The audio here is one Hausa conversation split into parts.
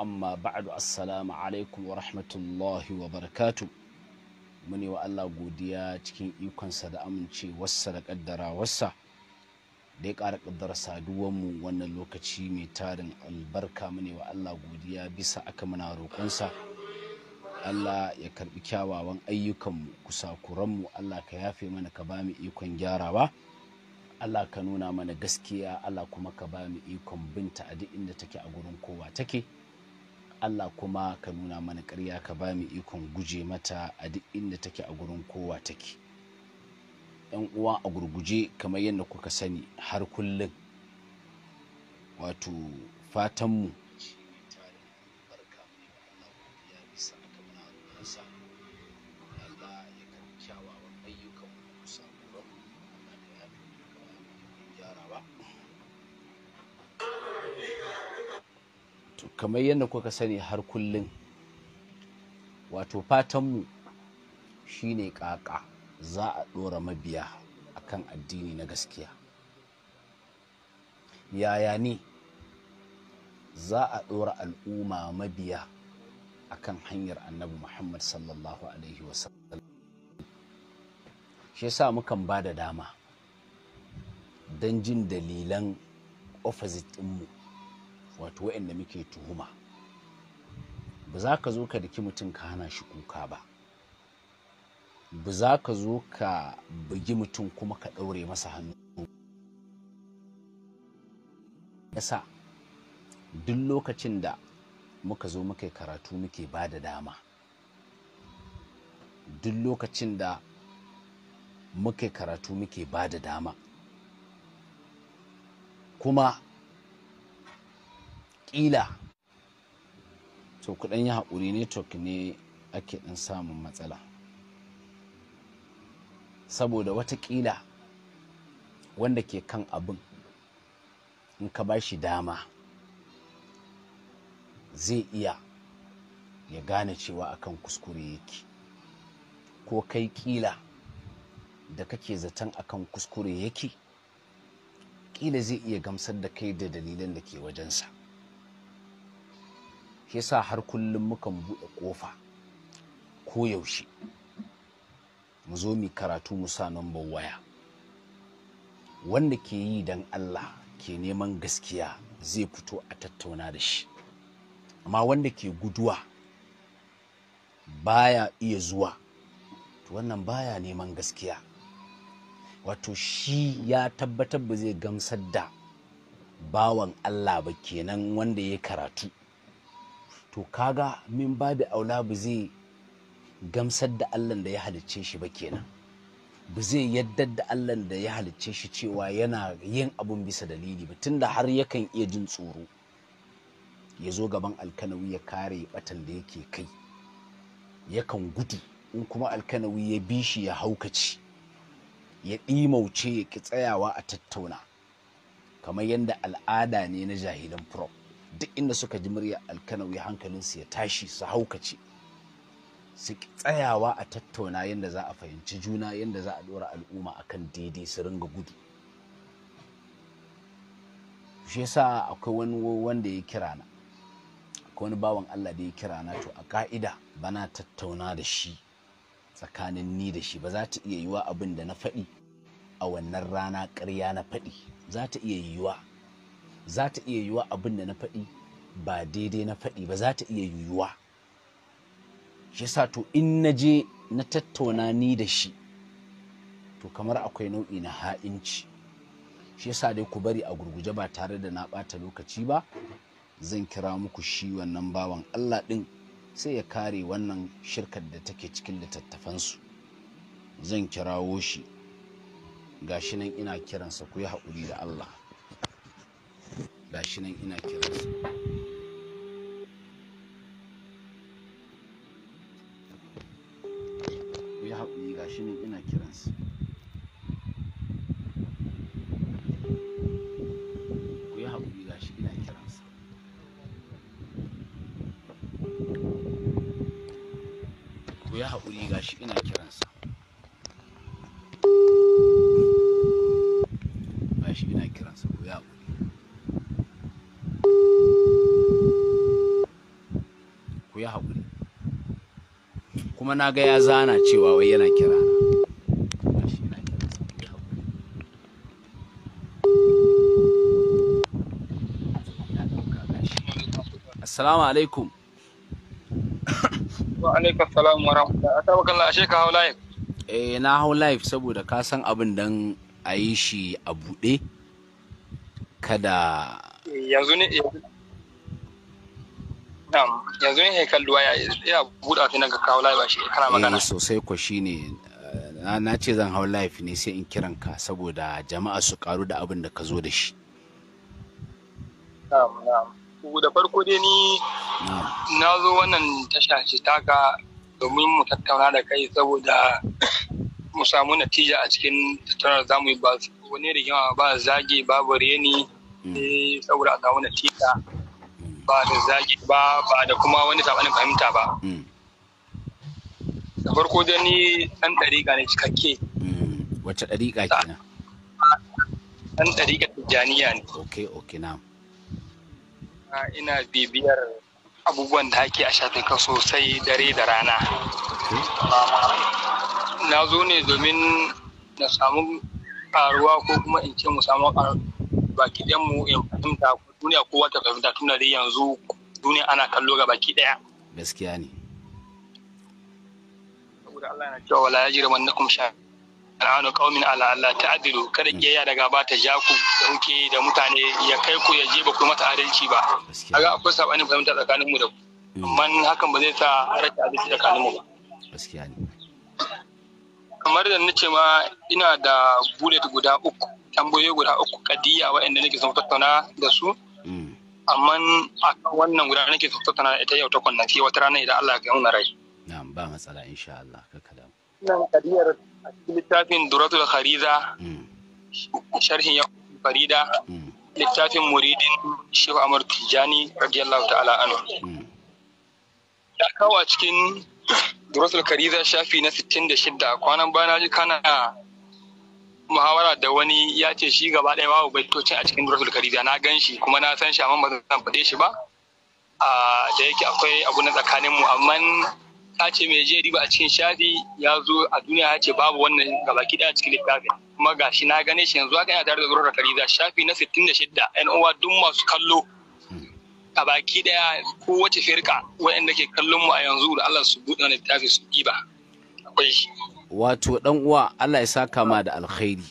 amma ba'adu assalamu alaikum wa rahmatullahi wa barakatu muni wa Allah godiya cikin ikonsa da amincewarsa da ƙaddarawarsa da ya ƙara ƙaddara saduwanmu wannan lokaci mai tarin albarka muni wa Allah godiya bisa aka muna roƙonsa Allah ya karɓi kyawawan ayyukanmu kusakuranmu Allah ka yafe mana ka ba mu ikon gyarawa Allah ka nuna mana gaskiya Allah kuma ka ba mu ikon binta a duk inda take a gurin kowa take Allah kuma ka nuna mana karya ka ba mu ikon guje mata a duk inda take a gurin kowa take yan uwa a gurguje kamar yadda kuka sani har kullum wato fatanmu kamar yadda kuka sani har kullum wato fatanmu shine ƙaƙa za a ɗora mabiya a kan addini na gaskiya yaya ne za a ɗora al'umma mabiya a kan hanyar annabi muhammad sallallahu alaihi wasallam shi yasa mukan ba da dama don jin dalilan opposite ɗinmu wato waɗanda muke tuhuma ba za ka zo ka daki mutum ka hana shi kuka ba ba za ka zo ka bugi mutum kuma ka ɗaure masa hannu yasa duk lokacin da muka zo muka karatu muke ba da dama duk lokacin da muka karatu muke ba da dama kuma ƙila to kuɗin ya haƙuri network ne ake ɗin samun matsala saboda watakila wanda ke kan abin in ka ba shi dama zai iya ya gane cewa akan kuskure yake ko kai kila da kake zaton akan kuskure yake kila zai iya gamsar da kai da dalilan da ke wajensa yasa har kullum mukan buɗe ƙofa ko yaushe mu zo mu karatu mu sa number waya wanda ke yi dan Allah ke neman gaskiya zai fito a tattauna da shi amma wanda ke guduwa baya iya zuwa to wannan baya neman gaskiya wato shi ya tabbatar ba zai gamsar da bawan Allah ba kenan wanda ya karatu to kaga min ba da aula ba zai gamsar da allah da ya halicce shi ba kenan ba zai yadda da allah da ya halicce shi cewa yana yin abun bisa dalili ba tunda har yakan iya jin tsoro ya zo gaban alkanawi ya kare batan da yake kai yakan gudu in kuma alkanawi ya bi shi ya haukaci ya ɗimauce ya ki tsayawa a tattauna kamar yadda al'ada ne na jahilin prop duk inda suka ji murya alkanawi hankalinsu ya tashi su haukace su tsayawa a tattauna yadda za a fahimci juna yadda za a dora al'umma a kan daidai su ringa gudu shi yasa akwai wani wanda ya kira na akwai wani bawan Allah da ya kira na to a ka'ida bana tattauna da shi tsakanin ni da shi ba za ta iya yiwa abin da na faɗi a wannan rana ƙarya na faɗi za ta iya yiwa za ta iya yiwuwa abin da na faɗi ba daidai na faɗi ba za ta iya yiwuwa shi sa to in na je na tattauna ni da shi to kamar akwai nau'i na ha'inci shi sa dai ku bari a gurguje ba tare da na ɓata lokaci ba zan kira muku shi wannan bawan Allah ɗin sai ya kare wannan shirkar da take cikin littattafansu zan kirawo shi gashi nan ina kiransa ku yi haƙuri da Allah gashi nan ina kiransa ya haƙuri gashi nan ina kiransa ya haƙuri gashi ina kiransa kuma na ga ya zana cewa wai yana kira na assalamu alaikum wa alaikum salam wa rahmatullahi tabakan ashe ka hau live eh na hau live saboda ka san abin dan a yi shi a buɗe kada eh, yanzu ne yanzu yin haikal luwa ya buɗa fi na ga kawo shi kana eh, magana eh sosai ko ne. na ce zan hau live ne sai in kiran ka saboda jama'a su karu da abin da ka zo da shi da farko dai ni na zo wannan tasha ce taka domin mu tattauna da kai saboda mu samu natija a cikin tattaunar zamu yi ba wani rigima ba zage babu reni sai mm. eh, saboda a samu natija ba da zagi ba ba da kuma wani sabanin fahimta ba hmm. da farko da ni dan dariƙa ne cikakke hmm. wacce dariƙa kenan dan dariƙa tijjaniya ne ok ok na ina bibiyar abubuwan da ake a shafin ka sosai dare da rana na zo ne domin na samu karuwa ko kuma in ce mu samu baki mu in fahimta ko duniya kowa ta fahimta tunda dai yanzu duniya ana kallo ga baki daya gaskiya ne saboda Allah yana cewa wala yajri mannakum Al'adu al'anu qaumin ala Allah ta'dilu kada yaya daga ba ta ja ku da kuke da mutane ya kai ku ya je ba ku mata adalci ba kaga akwai sabanin fahimta tsakanin mu da ku mm. amma hakan ba zai sa rashin adalci tsakanin mu ba gaskiya ne kamar da nace ma ina da bullet guda uku tambayoyi guda uku kadiya waɗanda nake son tattauna da su amma kan wannan guda nake so tana ita yau ta kwanaki wata rana idan Allah ya na rai na'am ba matsala insha Allah ka kada nan kadiyar a cikin littafin Khariza mm. sharhin yau Farida mm. littafin muridin Shehu Tijjani Tijani radiyallahu ta'ala anhu mm. ya kawo a cikin Duratul Khariza shafi na 66 kwanan bana kana muhawara da wani ya ce shi gaba ɗaya babu baitocin a cikin duratul karida na gan shi kuma na san shi amma ba zan faɗe shi ba da yake akwai abu na tsakanin mu amma ta ce mai je riba a cikin shafi ya zo a duniya ya ce babu wannan gabaki ɗaya a cikin littafi kuma gashi na gane shi yanzu haka yana tare da da kariza shafi na 66 yan uwa duk masu kallo a baki daya ko wace firka waɗanda ke kallon mu a yanzu da Allah su buɗe wani littafi su ɗiba akwai wato dan uwa Allah ya saka ma da alkhairi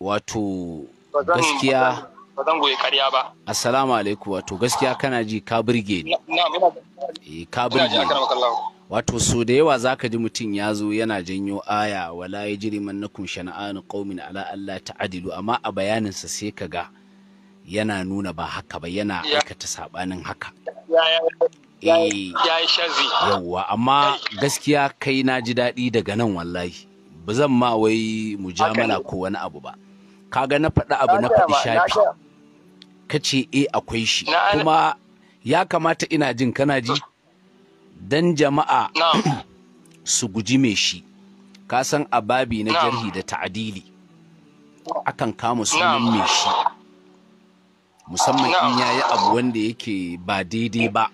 wato gaskiya ba zan assalamu alaikum wato gaskiya kana ji ka burge ni eh, ka burge ni wato so da yawa zaka ji mutum ya zo yana janyo aya wala yajri nakum shana'an qaumin ala ta ta'dilu amma a bayanin sa sai kaga yana nuna ba haka ba yana aikata sabanin haka ya yi eh. shazi yawwa amma gaskiya kai na ji daɗi daga nan wallahi ba zan ma wai mujamala ko wani abu ba kaga na faɗi abu na faɗi shafi ka ce e akwai shi kuma ya kamata ina jin kana ji dan jama'a su guji me shi ka san a babi na jarhi da ta'adili akan kama sunan me shi musamman in yi abu wanda yake ba daidai ba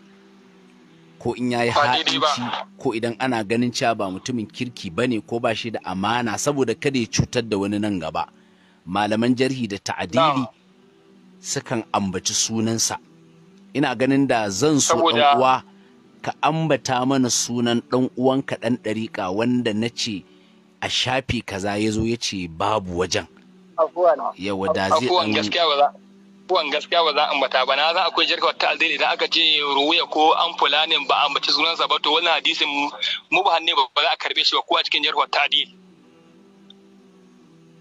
ko in ya yayi ha'inci ko idan ana ganin cewa ba mutumin kirki ba ne ko ba shi da amana saboda kada ya cutar da wani nan gaba malaman jarhi da ta'adili sukan ambaci sunansa ina ganin da zan so ɗan uwa ka ambata mana sunan ɗan uwanka ɗan dariƙa wanda na ce a shafi kaza ya zo ya ce babu wajen yawa da zai wan gaskiya ba za a ambata ba na za akwai jarka wata alzini idan aka ce ruwaya ko an ne ba a ambaci sunansa ba to wannan hadisin mu ba hannu ba za a karbe shi ba ko a cikin jarka wata adil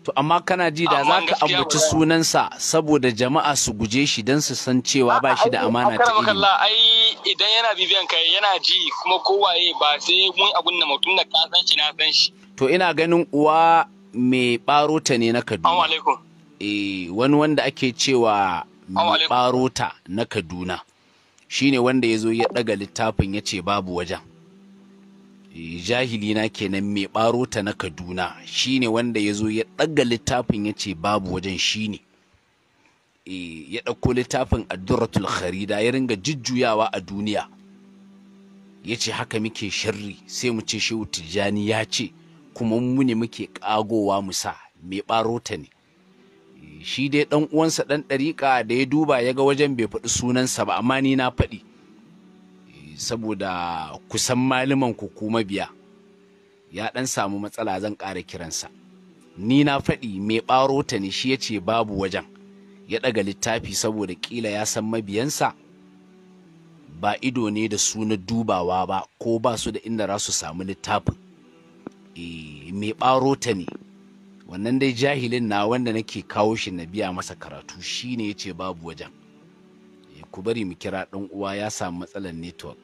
To amma kana ji da za ka ambaci sunansa saboda jama'a su guje shi don su san cewa ba shi da amana ta ilimi. ai idan yana bibiyan kai yana ji kuma kowaye ba sai mun abun da mutum da ka san shi na san shi. To ina ganin uwa mai ɓaro ta ne na Kaduna. Assalamu alaikum. eh wani wanda ake cewa barota na kaduna shine wanda ya zo ya ɗaga littafin ya ce babu wajen eh, Jahilina kenan mai barota na kaduna shine wanda ya zo ya ɗaga littafin ya ce babu wajen shine eh, ya ɗauko littafin addurratul kharida ya ringa jujjuyawa a duniya ya ce haka muke shirri, sai mu ce shehu tijjani ya ce kuma mu ne muke ƙagowa musa mai barota ne shi dai ɗan uwansa ɗan ɗariƙa da ya duba ya ga wajen bai faɗi sunansa ba amma ni na faɗi saboda kusan maliman ku kuma biya ya ɗan samu matsala zan ƙara kiransa ni na faɗi mai ɓaro ta ne shi ya ce babu wajen ya ɗaga littafi saboda ƙila ya san mabiyansa ba ido ne da suna dubawa ba ko ba su da inda za su samu littafin eh, mai ɓaro ta ne wannan dai jahilin na wanda nake kawo shi na biya masa karatu shine ya ce babu wajen eh, ku bari mu kira ɗan uwa ya samu matsalar network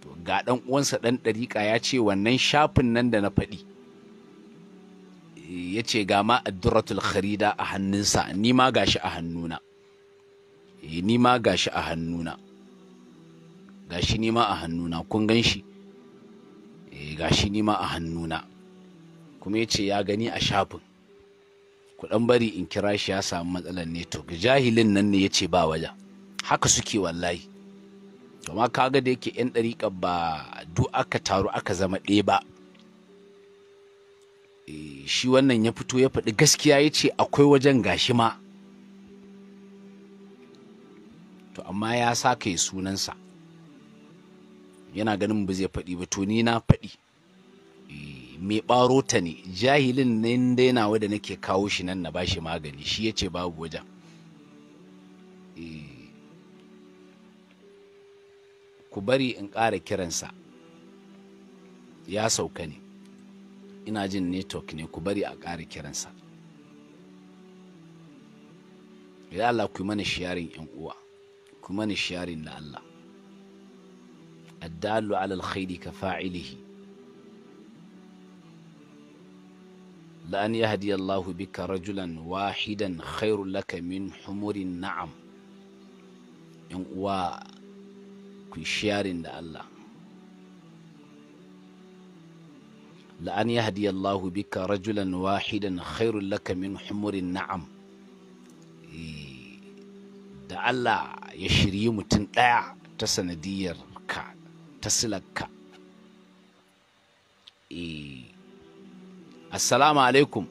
to ga ɗan uwansa ɗan ɗariƙa ya ce wannan shafin nan da na faɗi eh, ya ce ga ma adduratul kharida a hannunsa ni ma gashi a hannuna eh, ni ma gashi a hannuna gashi ni ma a hannuna kun gan shi gashi ni ma a hannuna kuma ya ce ya gani a shafin kudan bari in kira shi ya samu matsalar ne ga jahilin nan ne ya ce ba wajen haka suke wallahi kuma kaga da yake 'yan ɗariƙa ba duk aka taru aka zama ɗaya ba eh, shi wannan ya fito ya faɗi gaskiya ya ce akwai wajen gashi ma to amma ya sa yi sunansa yana ganin ba zai faɗi ba to ni na faɗi mai ɓaro ta ne jahilin ne yana da nake kawo shi nan na bashi magani shi ya ce babu wajen eh. ku bari in ƙara kiransa ya sauka ne ina jin network ne ku bari a ƙara kiransa ya Allah ku mana shiyarin yan uwa ku mana shiyarin na Allah addalu ala alkhairi ka fa'ilihi la an yahdi Allahu bika rajulan wahidan khairul lakamin humuri humurin na'am yan uwa ku sharing da Allah la an yahdi Allahu bika rajulan wahidan khairul laka min humurin na'am eh, da Allah ya shirye mutum ɗaya ta sanadiyar ka ta silaka. eh assalamu alaikum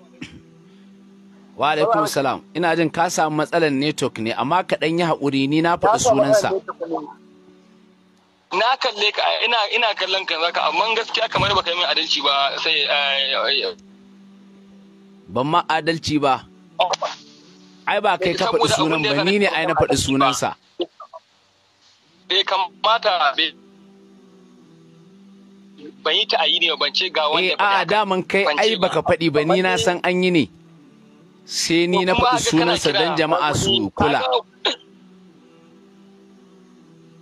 wa alaikum salam ina jin ka samu matsalar network ne amma ka dan yi haƙuri ni na faɗi sunansa na kalle ka ina ina kallon ka zaka amma gaskiya kamar baka yi min adalci ba sai eh, ban ma adalci ba ai ba kai ka faɗi sunan ba ni ne ai na faɗi sunansa bai kamata bai ban yi ta'ayi ne ban ce ga wanda eh, ba a daman kai ai baka faɗi ba ni na san an yi ne sai ni na faɗi sunansa don jama'a su kula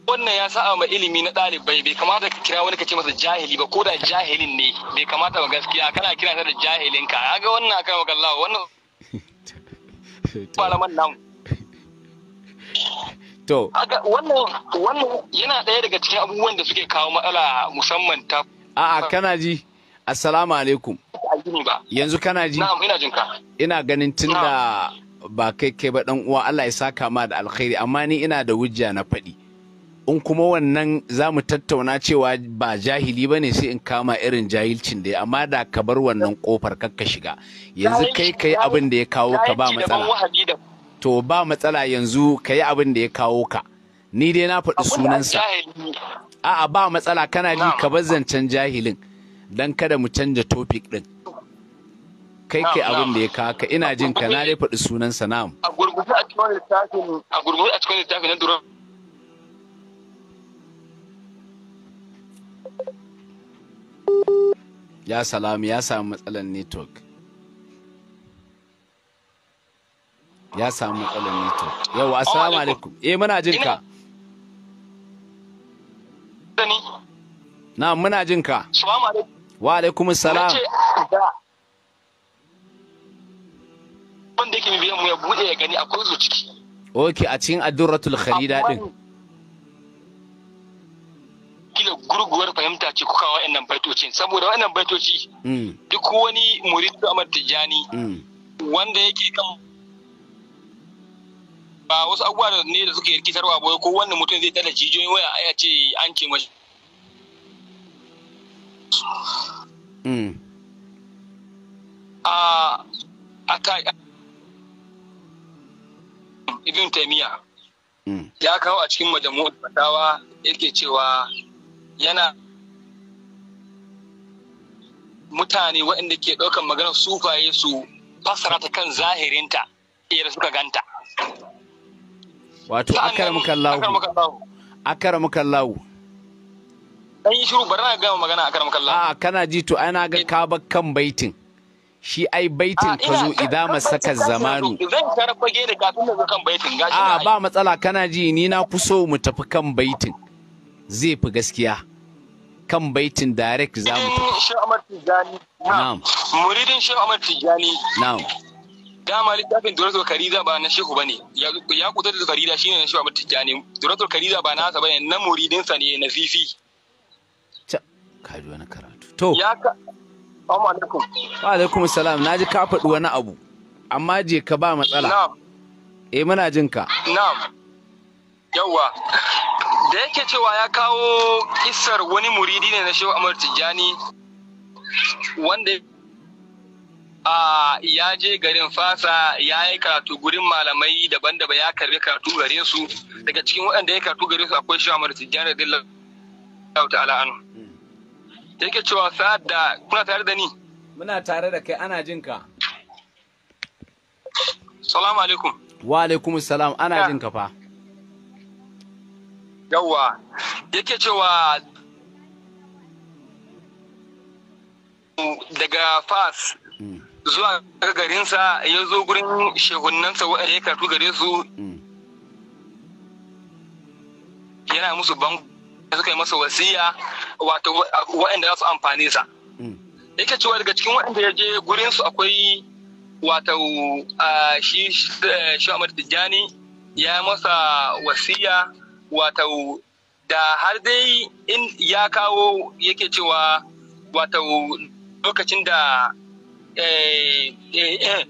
wannan ya sa ma ilimi na ɗalibai bai kamata ka kira wani ka ce masa jahili ba ko da jahilin ne bai kamata ba gaskiya kana kira ta da jahilin ka ya ga wannan akan magallawa wannan malaman namu To. Wannan wannan yana ɗaya daga cikin abubuwan da suke kawo matsala musamman ta. A'a kana ji. Assalamu alaikum. Yanzu kana ji? Na'am ina jinka. Ina ganin tunda ba kai kai ba dan uwa Allah ya saka ma da alkhairi amma ni ina da wujja na faɗi. In kuma wannan za mu tattauna cewa ba jahili ba ne sai in kama irin jahilcin da ya amma da ka bar wannan kofar kakka shiga. Yanzu kai kai abin da ya kawo ka ba matsala. to ba matsala yanzu ka yi abin da ya kawo ka ni dai na faɗi sunansa a'a ba matsala kana ji ka bar zancen jahilin don kada mu canja topic ɗin kai kai abin da ya kawo ka ina jin ka na dai faɗi sunansa a a cikin littafin a a cikin littafin na duran ya salamu ya samu matsalar network ya samu matsalar network yau assalamu alaikum eh muna jin ka na muna jin ka wa alaikum salam wanda yake biyan mu ya bude ya gani akwai zo ciki ok a cikin adurratul kharida din kila gurguwar fahimta ce kuka wa'annan baitoci saboda wa'annan baitoci duk wani murid Ahmad Tijani mm. wanda yake kan ba wasu abubuwa da ne da suke rikitarwa ba ko wanda mutum zai tada jijiyoyin waya a ce an ce mashi mm. a a ta ibn taimiyya mm. ya kawo a cikin majamu'ul fatawa yake cewa yana mutane waɗanda ke ɗaukar maganar sufaye su fasara ta kan zahirinta da suka ganta wato akaramakallahu akaramakallahu dan yi shiru bari na gama magana akaramakallahu a kana ji to ana ga ka ba kan baitin shi ai baitin ka zo idan masaka zamanu zan tarabage da kafin zo kan baitin gashi a ba matsala kana ji ni na kuso mu tafi kan baitin zai fi gaskiya kan baitin direct za mu tafi muridin shi Ahmad na'am muridin shi Ahmad Tijani na'am dama littafin duratul kariza ba na shehu bane ya kudar da kariza shine na shehu abu ne duratul kariza ba nasa bane na muridinsa ne na fifi kaji wani karatu to ya ka amma alaikum. Wa alaikum salam. Naji ka faɗi wani abu. Amma je ka ba matsala. Na'am. Eh muna jin ka. Na'am. yawa Da yake cewa ya kawo isar wani muridi ne na Shehu Amar Tijjani wanda a ya je garin fasa ya yi karatu gurin malamai daban-daban ya karbi karatu gare su daga cikin waɗanda ya karatu gare su akwai shi Ahmad Tijjani radiyallahu ala'anu anhu hmm. yake cewa sa'ad da kuna tare da ni muna tare da kai ana jin ka salamu alaikum wa alaikum salam ana jin ka fa yawwa yake cewa daga fas hmm. zuwa ga garinsa ya zo gurin shehunansa waɗanda ya karatu gare su mm. yana musu ban suka yi masa wasiya wato waɗanda za su amfani sa mm. yake cewa daga cikin waɗanda ya je gurin su akwai wato shi eh, shi amur Tijjani ya masa wasiya wato da har dai in ya kawo yake cewa wato lokacin da Eh, eh,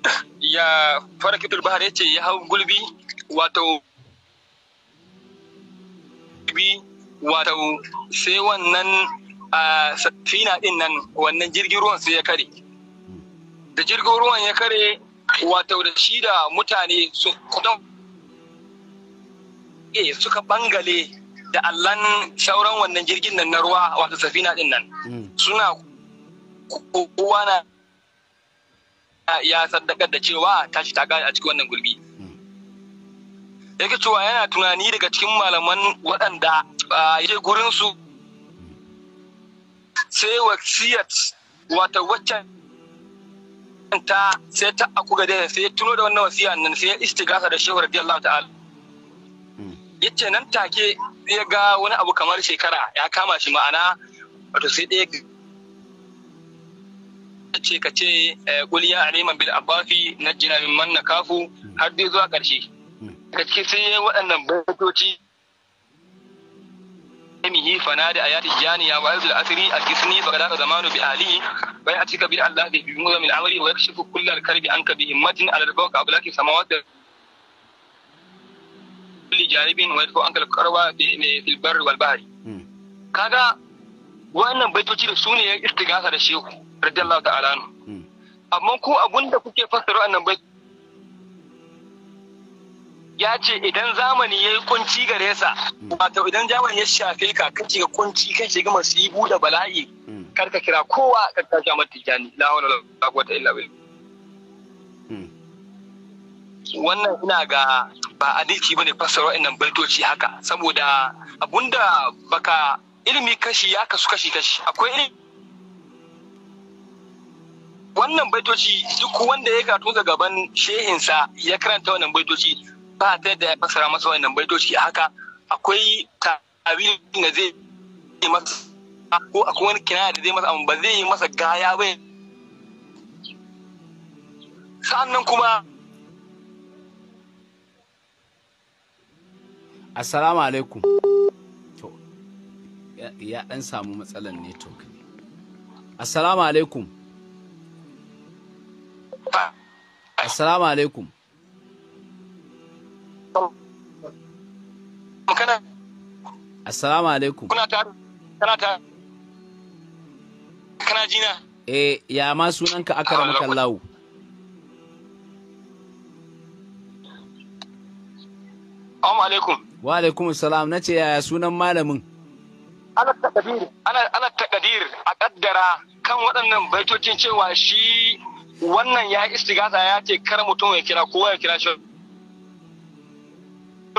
ya farkitul bahar ya ce ya hau gulbi wato gulbi wato sai wannan safina din nan wannan jirgin ruwan sai ya kare da jirgin ruwan ya kare wato da shi da mutane su suka bangale da allan sauran wannan jirgin nan na ruwa wato safina din nan hmm. suna kowa na ya sadakar da cewa shi ta gane a cikin wannan gurbi hmm. yake cewa yana tunani daga cikin malaman waɗanda ya gurin su sai wasiyat wata waccan ta sai ta aku gade sai ya tuno da wannan wasiya nan sai ya istigasa da shehu radiyallahu ta'ala hmm. yace nan take ya ga wani abu kamar shekara ya kama shi ma'ana wato sai ɗaya ce ka ce kul eh, ya aliman bil abafi na min man kafu. har dai zuwa ƙarshe Ka ce sai yi waɗannan ya mihi fana da jani ya wa ayyul asri al-kisni fa kadaka zamanu bi ali a cika bi allah bi muzam a wuri, wa yakshifu kull al-kalbi anka bi himmatin ala ka fawq ablaki samawati kulli jaribin wa yadfu anka al-qarwa bi me filbar walbahari. Hmm. kaga wannan baitoci da su ne ya istigasa da shehu radiyallahu ta'ala hmm. amma ku abun da kuke fassara annan bai ya ce idan zamani ya yi kunci gare sa hmm. wato idan zamani ya shafe ka kace shiga kunci kan shiga masu yi buɗe bala'i hmm. kar ka kira kowa ka tashi amma tijani la hawla wala quwwata illa billah wannan ina ga ba adiki bane fassara wa'annan baitoci haka saboda abunda baka ilimi kashi ya kasu kashi kashi akwai ilimi wannan baitoci duk wanda ya kato ga gaban shehinsa ya karanta wannan baitoci ba ta da ya fassara masa wannan baitoci haka akwai tawilin da zai yi masa ko akwai wani kinaya da zai masa amma ba zai yi masa gaya ba sa'annan kuma assalamu alaikum ya dan samu matsalan network assalamu alaikum Assalamu alaikum. Assalamu alaikum. Kuna ta Kana Kana jina? Eh, ya ma sunanka akara maka lawu. Assalamu alaikum. Wa alaikum salam nace yaya sunan malamin? Ana takadir. Ana ana takadir a kaddara kan waɗannan baitocin cewa shi wannan ya istigata ya ce kar mutum ya kira kowa ya kira shi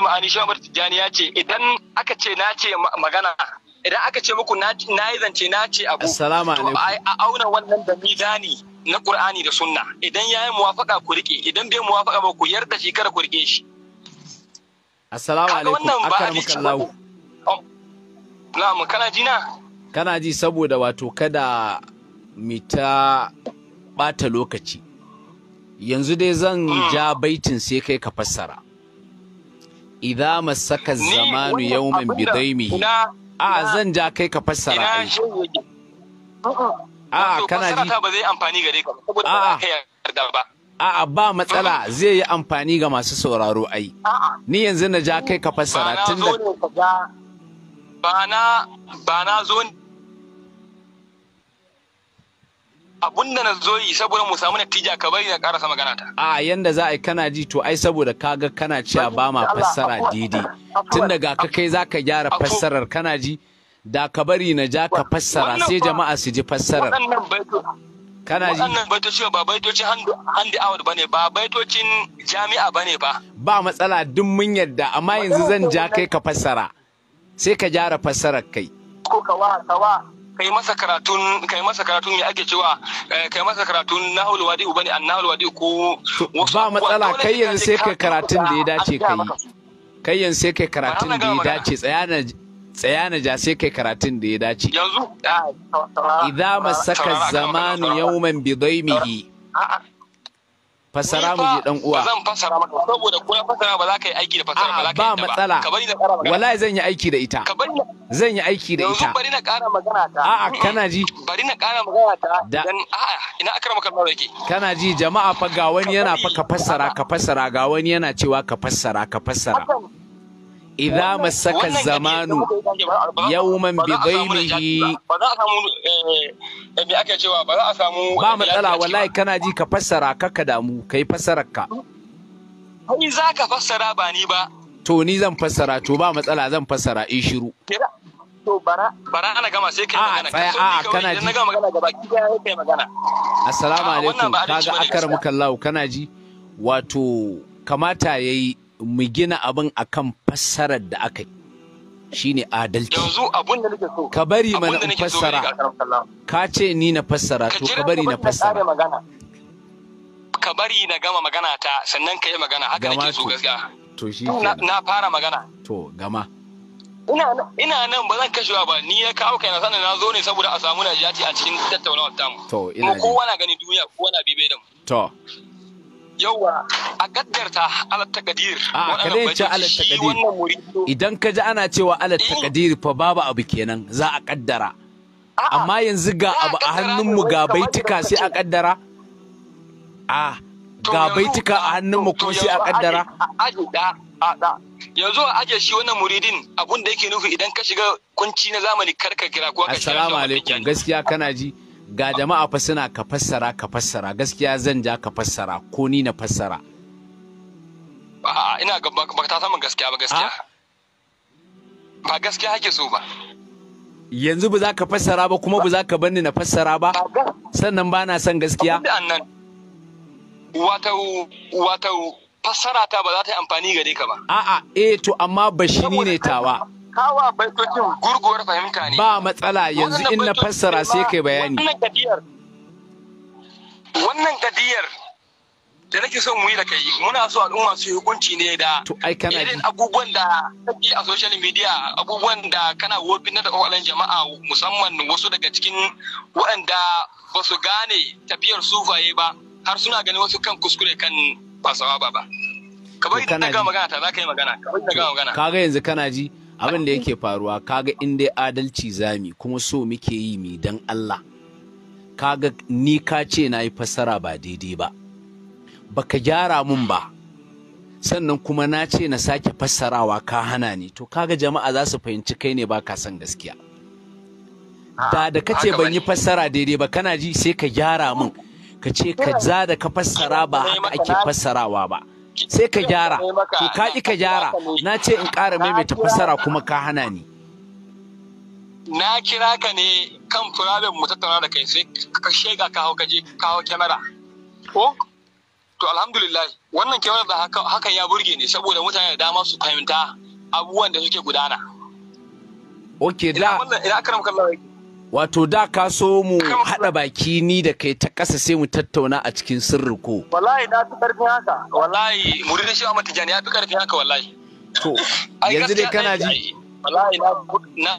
ma'ani shi tijjani ya ce idan aka ce na ce magana idan aka ce muku na yi zance na ce abu to a auna wannan da mizani na qur'ani da sunna idan ya yi muwafaka ku rike idan bai muwafaka ba ku yarda shi kar ku rike shi assalamu alaikum akarmukallahu oh, na'am kana ji na kana ji saboda wato kada mita ɓata lokaci yanzu dai zan hmm. ja baitin sai kai ka fassara idza masaka zamanu yawman bidaimihi a ah, zan ja kai ka fassara ai a ah, kana ji ba a'a ba matsala hmm. zai yi amfani ga masu sauraro ai ni yanzu na ja kai ka fassara tunda da ba na zo abun da na zo yi saboda mu samu natija ka bari na karasa magana ta a yanda za a yi kana ji to ai saboda kaga kana cewa ba ma fassara daidai tun daga ka kai za ka gyara fassarar kana ji da ka bari na ja ka fassara sai jama'a su ji fassarar kana ji wannan baitocin ba baitocin handi awad bane ba baitocin jami'a bane ba ba matsala duk mun yadda amma yanzu zan ja kai ka fassara sai ka gyara fassarar kai ko ka wa ka wa kai masa karatun kai masa karatun me ake cewa eh, kai masa karatun nahul wadi ubani annahul wadi ko ba matsala kai yanzu sai kai karatun da ya dace kai kai yanzu sai kai karatun da ya dace tsayana tsayana ja sai kai karatun da ya dace yanzu ah, idza masaka zamanu yawman bidaimihi fassara mu ji dan uwa zan fassara maka saboda ko na fassara ba za ka yi aiki da fassara ba za ka yi ba ba matsala wallahi zan yi aiki da ita zan yi aiki da ita bari na kara magana ta a'a kana ji bari na kara magana ta dan a'a ina akara maka Allah yake kana ji jama'a fa ga wani yana fa ka fassara ka fassara ga wani yana cewa ka fassara ka fassara idza masaka zamanu yawman bi dhailihi ba mu a wallahi kana ji ka fassara ka ka damu kai fassarar ka za to ni zan fassara to ba zan fassara in shiru to kana magana kaga akaramukallahu kana ji wato kamata yayi mu gina abin akan fassarar da aka yi ne adalci yanzu abin da nake so ka bari mana in fassara ka ce ni na fassara to ka bari na fassara ka bari na gama magana ta sannan ka yi magana haka nake so gaskiya to shi na fara magana to gama ina nan ba zan kashewa ba ni ya kawo kai na sanin na zo ne saboda a samu na jati a cikin tattaunawar tamu to ina kowa na gani duniya kowa na bibe da mu to yawa a gaddarta alat takadir a ah, kada yace alat takadir idan ka ji ana cewa alat eh. takadir fa babu abu kenan za a kaddara ah, amma yanzu ga abu a hannunmu ga baitika sai a kaddara a ga baitika a hannunmu ko sai a kaddara yanzu a ajiye shi wannan muridin abun da yake nufi idan ka shiga kunci na zamani karka kira ko ka shiga assalamu alaikum gaskiya kana ji ga jama'a fa suna ka fassara ka fassara gaskiya zan ja ka fassara ko ni na fassara ina ga ba ta samun gaskiya ba gaskiya ah? ba gaskiya hake so ba yanzu ba za ka fassara ba kuma ba za ka bani na fassara ba sannan ba na son gaskiya wata wata fassara ta ba za ta yi amfani gare ka ba a'a eh to amma ba shi ne tawa kawa baitocin gurguwar fahimta ne ba matsala yanzu in na fassara sai kai bayani wannan kadiyar da nake son muyi da kai muna so al'umma su hukunci ne da irin abubuwan da kake a social media abubuwan da kana wofin na da jama'a musamman wasu daga cikin waɗanda ba su gane tafiyar sufaye ba har suna ganin wasu kan kuskure kan basawa ba ba ka bari da gama magana ta za ka yi magana ka bari da gama magana ga yanzu kana ji abin da yake faruwa kaga in dai adalci zami kuma so muke yi mi dan Allah kaga ni ka ce na yi fassara ba daidai ba baka gyara mun ba sannan kuma na ce na sake fassarawa ka hana ni to kaga jama'a za su fahimci kai ne ba ka son gaskiya da da ce ban yi fassara daidai ba kana ji sai ka gyara mun ka ce ka za da ka fassara ba haka ake fassarawa ba sai ka gyara to ka ka gyara na ce in ƙara maimaita fassara kuma ka hana ni na kira ka ne kan firarin mu tattauna da kai sai ka shega ka hau je ka hau kamera ko to alhamdulillah wannan kyamara da haka, ya burge ne saboda mutane da dama su fahimta abubuwan da suke gudana ok da ina karam kallon Wato da ka so mu haɗa baki ni da kai ta ƙasa sai mu tattauna a cikin sirri ko. Wallahi na fi ƙarfin haka. Wallahi muridin shi Ahmad Tijjani ya fi ƙarfin haka wallahi. To yanzu dai kana ji. Wallahi na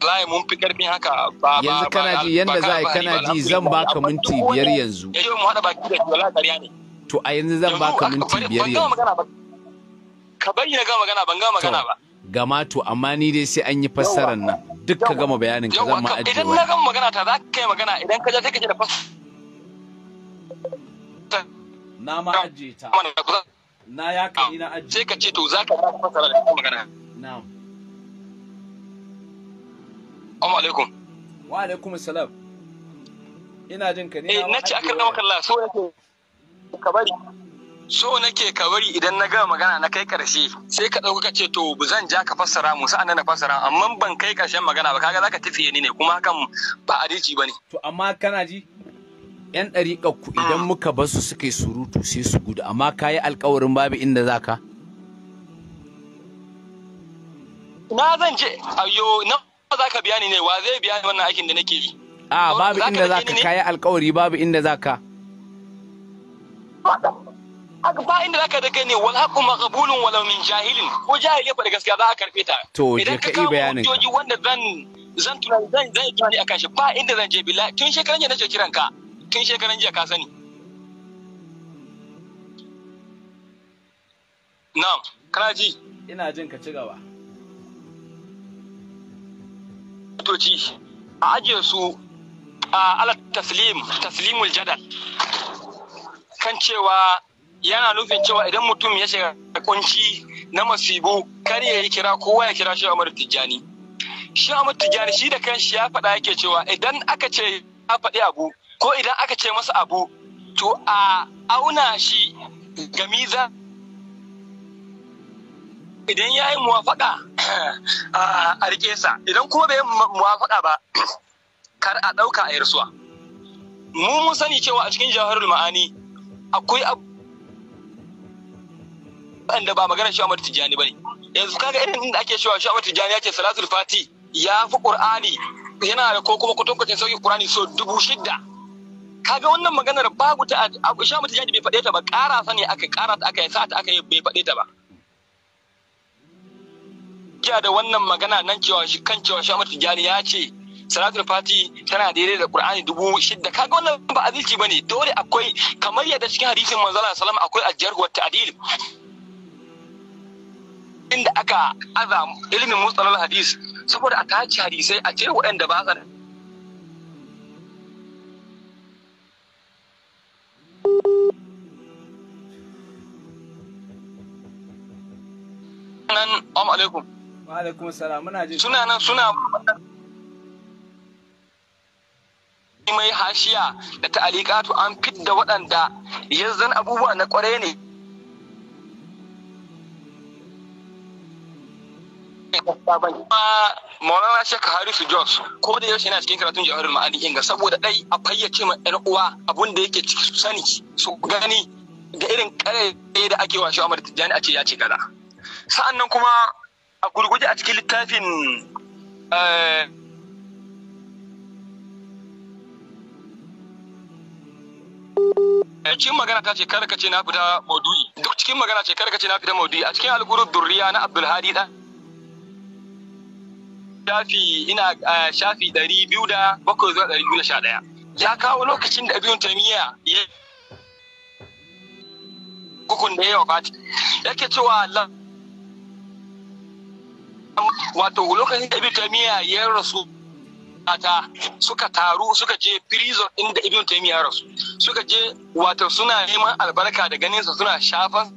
Wallahi mun fi ƙarfin haka ba ba Yanzu kana ji yanda za a kana ji zan baka minti biyar yanzu. Ya mu haɗa baki da wallahi ƙarya ne. To a yanzu zan baka minti biyar yanzu. Ka bayyana ga magana ban ga magana ba. gama to amma ni dai sai an yi fassarar nan duk ka gama bayanin ka zama ajiye idan na gama magana ta za ka yi magana idan ka je take da fassarar na ma ajiye ta na ya kai ni na ajiye sai ka ce to za ka ba fassarar da magana na'am assalamu alaikum wa alaikum assalam ina jin ka ne eh, na ce akalla makalla so yake ka bari so nake ka bari idan na gama magana na kai karshe sai ka dauka ce to bu zan ja ka fassara mu sa'an na fassara amma ban kai karshen magana ba kaga zaka tafiye ni ne kuma hakan ba a ba bane to amma kana ji yan dariƙa ku idan mm. muka bar su suka yi surutu sai su gudu amma kayi alƙawarin babu inda zaka na zan je ayo na za ka biya ni ne wa zai biya ni wannan aikin da nake yi a babu inda zaka kayi alƙawari babu inda zaka haka ba inda zaka da ne wal haqu maqbulun walau min jahilin ko jahili ba da gaskiya za a karbe ta to je ka yi bayanin ka wanda zan zan tunani zan zan tunani akan shi ba inda zan je billahi tun shekaran jiya nace kiran ka tun shekaran jiya ka sani na'am kana ji ina jin ka ci gaba toci a ajiye su a ala taslim taslimul jadal kan cewa yana nufin cewa idan mutum ya shiga kunci na masibu kar ya yi kira kowa ya kira shi Amadu Tijjani shi Amadu Tijjani shi da kanshi ya faɗa yake cewa idan aka ce ya faɗi abu ko idan aka ce masa abu to a auna shi ga miza idan ya yi muwafaƙa a rike sa idan kuma bai muwafaƙa ba kar a ɗauka a yarsuwa mu mun sani cewa a cikin jaharul ma'ani akwai abu wanda ba magana shi Ahmad Tijjani bane yanzu kaga irin inda ake cewa shi Ahmad Tijani yake salatul fati ya fi Qur'ani yana da ko kuma kwatankwacin sauki Qur'ani so dubu shidda kaga wannan maganar babu ta shi Ahmad Tijjani bai faɗe ta ba ƙara sani aka ƙara ta aka yi sa ta aka yi bai faɗe ta ba jiya da wannan magana nan cewa shi kan cewa shi Ahmad Tijjani ya ce salatul fati tana daidai da qur'ani dubu shidda kaga wannan ba azilci bane dole akwai kamar yadda cikin hadisin manzo Allah sallallahu alaihi wasallam akwai ajjar wa ta'dil inda aka aza ilimin mutsalar hadis saboda a tace hadisai a ce waɗanda ba sa nan am alaikum wa alaikum salam muna jin suna nan suna mai hashiya da ta'alikatu an fidda waɗanda yanzu abubuwa na ƙwarai ne ce gaskiya ba Kuma Maulana Sheikh Harisu Jos ko da yaushe yana cikin karatun Jawahirul Ma'ani inga saboda dai a fayyace ma ƴan uwa abun da yake ciki su sani su gani ga irin kare da ake wa Ahmad Tijjani a ce ya ce Sa'an nan kuma a gurguje a cikin littafin eh, cikin magana ta ce kar ka ce na fita maudu'i duk cikin magana ce kar ka ce na fita maudu'i a cikin alguru durriya na abdulhadi dan shafi ina shafi ɗari biyu da bakwai zuwa ɗari biyu da sha ɗaya. Ya kawo lokacin da abin tamiya ya kukun da yawa fati yake cewa wato lokacin da abin tamiya ya rasu mata suka taru suka je prison inda Ibn Taymiyyah ya rasu suka je wato suna neman albarka da ganinsa suna shafan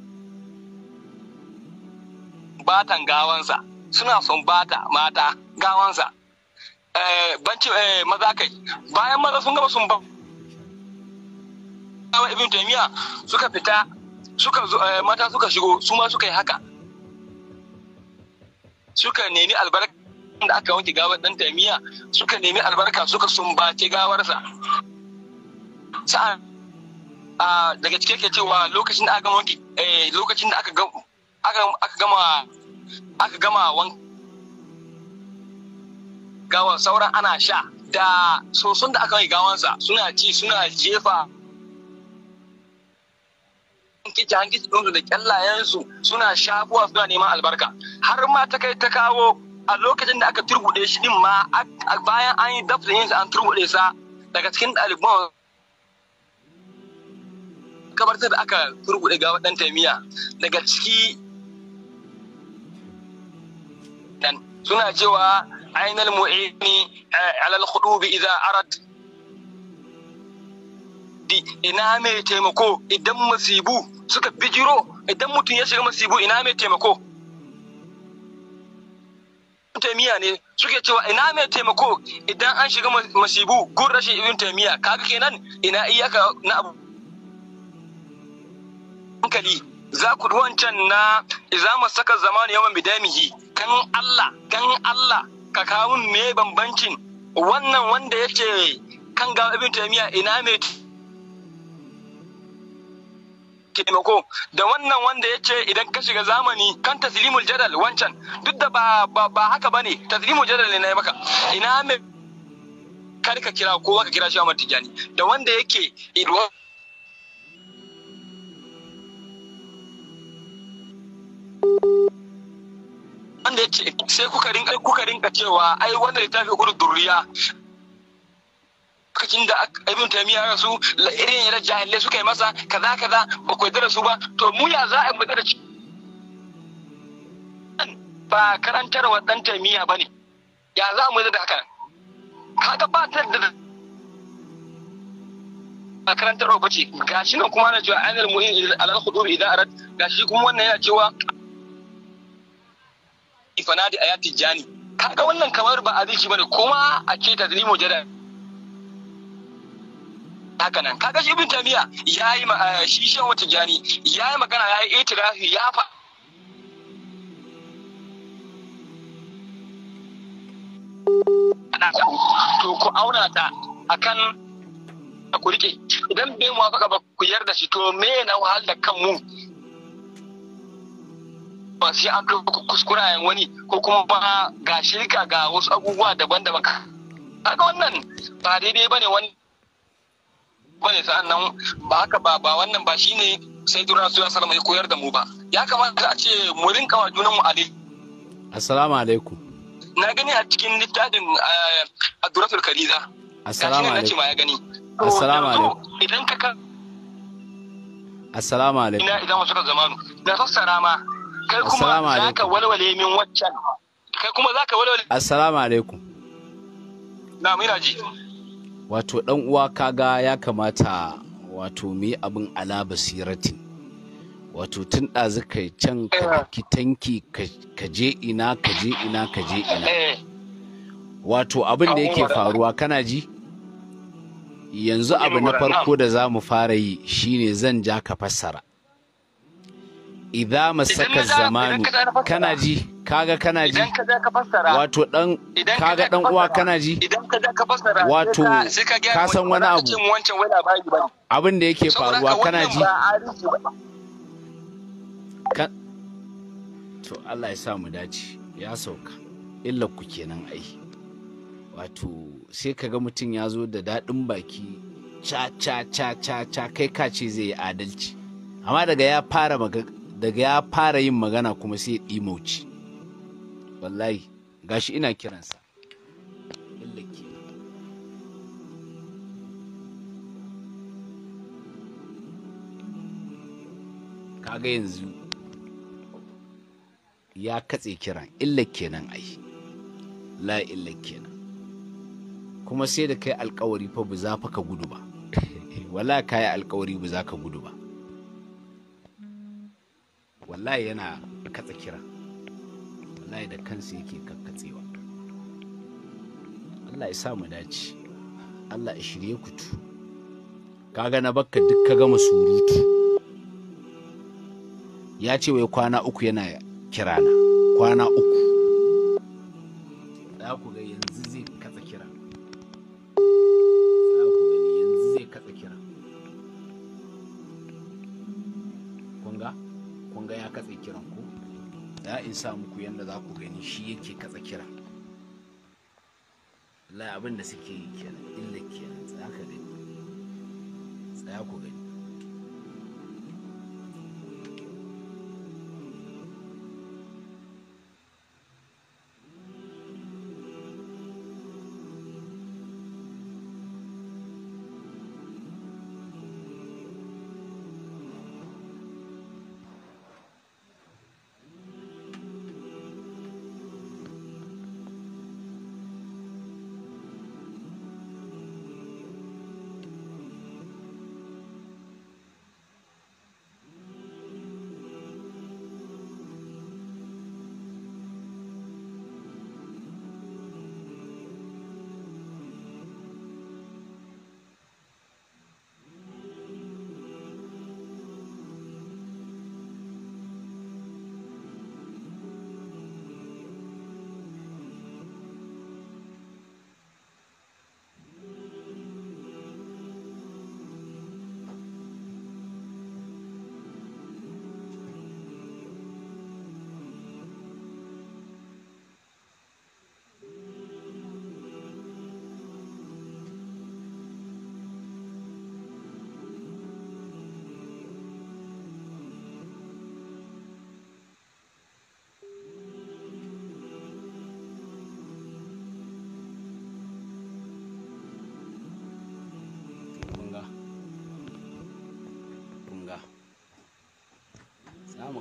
batan gawansa. suna son bata mata gawansa eh, banci eh, maza kai bayan maza sun gama sun ba ibn taymiya suka fita suka eh, mata suka shigo su ma suka yi haka suka nemi albarka da aka wanke gawar dan taymiya suka nemi albarka suka sumbace gawarsa sa'an daga cike ke cewa lokacin da aka wanke lokacin da aka gama aka gama wan gawan sauran ana sha da soson da aka yi gawansa suna ci suna jefa hankici hankici ɗinsu da kyallayensu suna shafuwa suna neman albarka har ma ta kai ta kawo a lokacin da aka turbuɗe shi din ma bayan an yi dafta yin an turbuɗe sa daga cikin ɗaliban ta da aka turbuɗe gawa ɗan taimiya daga ciki nan suna cewa ainal mu'ini alal khudubi idza arad ina mai taimako idan masibu suka bijiro idan mutum ya shiga masibu ina mai taimako taimiya ne suke cewa ina mai taimako idan an shiga masibu gun rashin ibn taimiya kaga kenan ina iyaka na abu hankali za ku wancan na iza saka zamanu yawan bidamihi kan Allah kan Allah ka kawo me bambancin wannan wanda yake kan ga ibn taymiya ina mai taimako da wannan wanda ya ce idan ka shiga zamani kan taslimul jadal wancan duk da ba ba haka bane taslimul jadal ne na maka ina mai kar ka kira kowa ka kira shi Ahmad Tijani da wanda yake wanda ya ce sai kuka rinka kuka rinka cewa ai wanda littafi gudu duriya lokacin da ibn taymiya ya rasu irin yana jahille suka yi masa kaza kaza ba ku yarda su ba to mu ya za a mutar da ba karantar wa dan taymiya bane ya za mu da haka kaga ba ta da a karantarwa ba ce gashi nan kuma na cewa ainul mu'in al khudur idan arad gashi kuma wannan yana cewa ifanadi a yati jani kaga wannan kamar ba azishi bane kuma a ke tazlimu da haka nan kaga shi ibn tamiya yayi eh, shi shan wata jani yayi magana yayi itirafi ya fa to ku auna ta akan ku rike idan bai muwafaka ba ku yarda shi to me na wahal da kanmu ba sai an ɗauka kuskurayen wani ko kuma ba ga shirka ga wasu abubuwa daban-daban kaga wannan ba daidai bane wani bane sa'annan ba haka ba ba wannan ba shine sai dura su sallama ya koyar da mu ba ya kamata a ce mu rinka wa junan mu alai assalamu alaikum na gani a cikin littafin eh, aduratul kariza assalamu alaikum ma ya gani assalamu alaikum idan ka assalamu alaikum ina idan wasu ka zamanu da sassara ma kai kuma za ka walwale min waccan kai kuma wato dan uwa kaga ya kamata wato mu abin ala basiratin wato tun ɗazu kai can ka eh. tanki ka je ina ka je ina ka je ina eh. wato abin da yake faruwa kana ji yanzu abu na farko da za mu fara yi shine zan ja ka fassara idan masaka zamanu kana ji kaga kana ji wato dan kaga dan uwa kana ji wato ka san wani abu abin da yake faruwa kana ji to Allah ya sa mu dace ya sauka illa ku kenan ai wato sai kaga mutum ya zo da daɗin baki cha cha cha cha cha kai ka ce zai yi adalci amma daga ya fara magana daga ya fara yin magana kuma sai ya ɗimauci wallahi gashi ina kiransa kaga yanzu ya katse kiran illa kenan ai la illa kenan kuma sai da kai alkawari fa ba za fa ka gudu ba wala kai alkawari ba za ka gudu ba wallahi yana katsa kira wallahi da kansa yake kakkatsewa Allah ya sa mu dace Allah ya shirye ku tu kaga na bakka duk ka gama surutu ya ce wai kwana uku yana kirana kwana uku shi yake katsa kira la abin da suke yi kenan illa kenan tsaya ka gani tsaya ku gani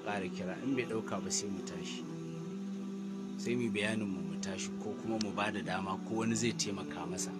ƙara kira in bai ɗauka ba sai mu tashi sai mu bayanin mu mu tashi ko kuma mu ba da dama ko wani zai taimaka masa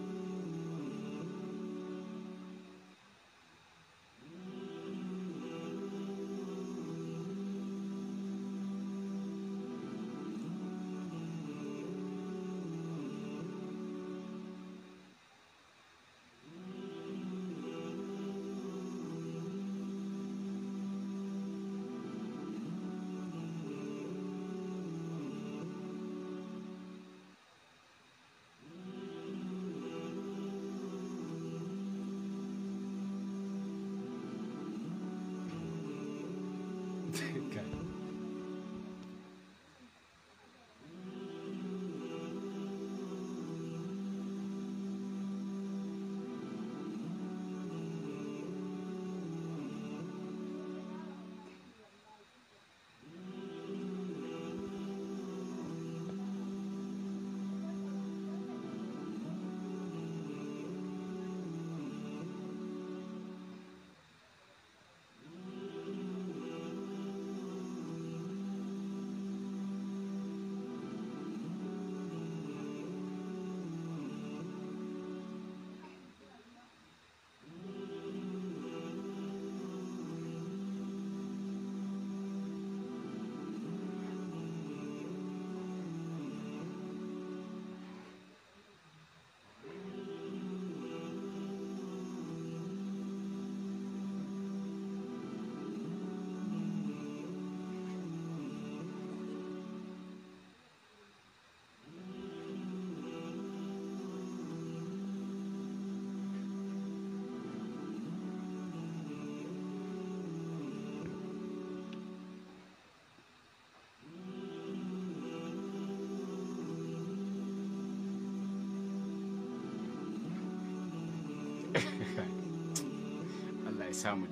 How much?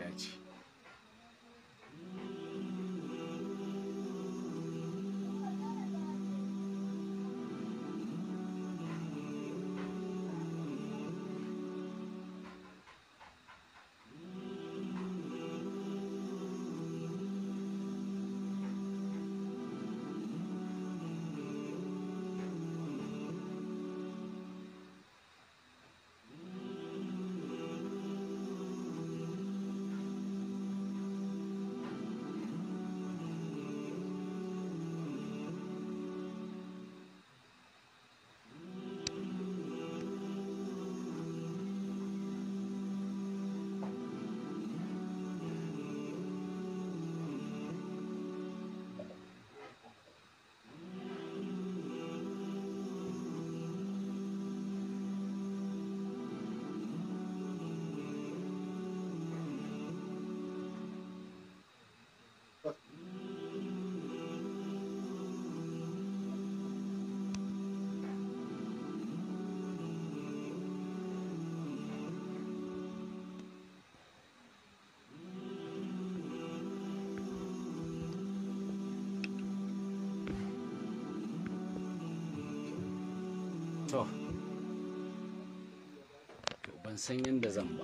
san yadda zan ba